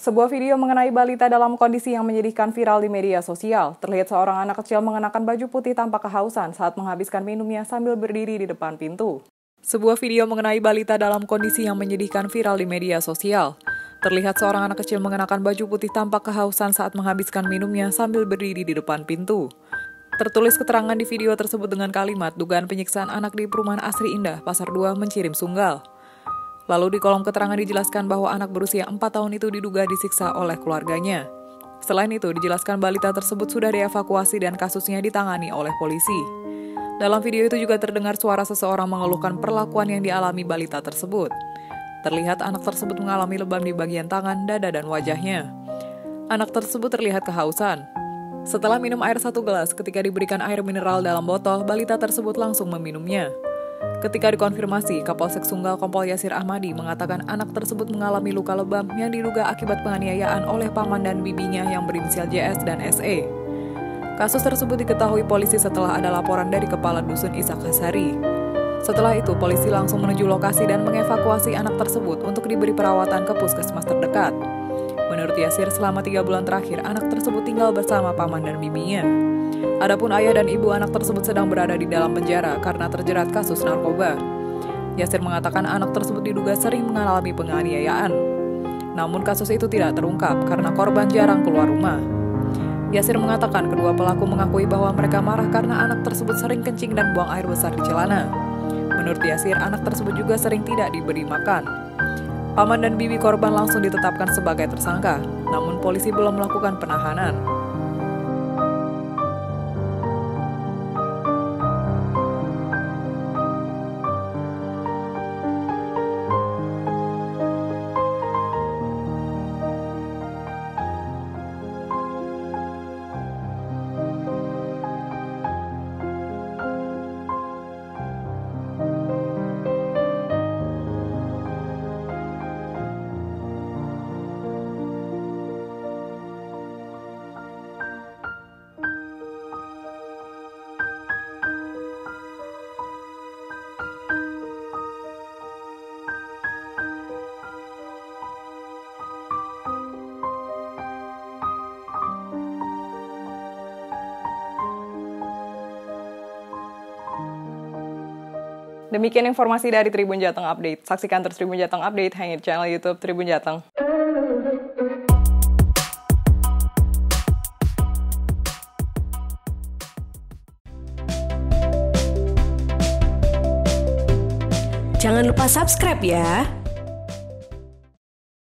Sebuah video mengenai balita dalam kondisi yang menyedihkan viral di media sosial. Terlihat seorang anak kecil mengenakan baju putih tanpa kehausan saat menghabiskan minumnya sambil berdiri di depan pintu. Sebuah video mengenai balita dalam kondisi yang menyedihkan viral di media sosial. Terlihat seorang anak kecil mengenakan baju putih tanpa kehausan saat menghabiskan minumnya sambil berdiri di depan pintu. Tertulis keterangan di video tersebut dengan kalimat dugaan penyiksaan anak di perumahan Asri Indah, Pasar 2, Mencirim Sunggal. Lalu di kolom keterangan dijelaskan bahwa anak berusia 4 tahun itu diduga disiksa oleh keluarganya. Selain itu, dijelaskan balita tersebut sudah dievakuasi dan kasusnya ditangani oleh polisi. Dalam video itu juga terdengar suara seseorang mengeluhkan perlakuan yang dialami balita tersebut. Terlihat anak tersebut mengalami lebam di bagian tangan, dada, dan wajahnya. Anak tersebut terlihat kehausan. Setelah minum air satu gelas, ketika diberikan air mineral dalam botol, balita tersebut langsung meminumnya. Ketika dikonfirmasi, Kapolsek Sunggal Kompol Yasir Ahmadi mengatakan anak tersebut mengalami luka lebam yang diduga akibat penganiayaan oleh paman dan bibinya yang berinisial JS dan SE. Kasus tersebut diketahui polisi setelah ada laporan dari Kepala Dusun Isak Hasari. Setelah itu, polisi langsung menuju lokasi dan mengevakuasi anak tersebut untuk diberi perawatan ke puskesmas terdekat. Menurut Yasir, selama tiga bulan terakhir, anak tersebut tinggal bersama paman dan bibinya. Adapun ayah dan ibu anak tersebut sedang berada di dalam penjara karena terjerat kasus narkoba. Yasir mengatakan anak tersebut diduga sering mengalami penganiayaan. Namun kasus itu tidak terungkap karena korban jarang keluar rumah. Yasir mengatakan kedua pelaku mengakui bahwa mereka marah karena anak tersebut sering kencing dan buang air besar di celana. Menurut Yasir, anak tersebut juga sering tidak diberi makan. Paman dan bibi korban langsung ditetapkan sebagai tersangka, namun polisi belum melakukan penahanan. Demikian informasi dari Tribun Jateng Update. Saksikan terus Tribun Jateng Update hanya di channel YouTube Tribun Jateng. Jangan lupa subscribe ya.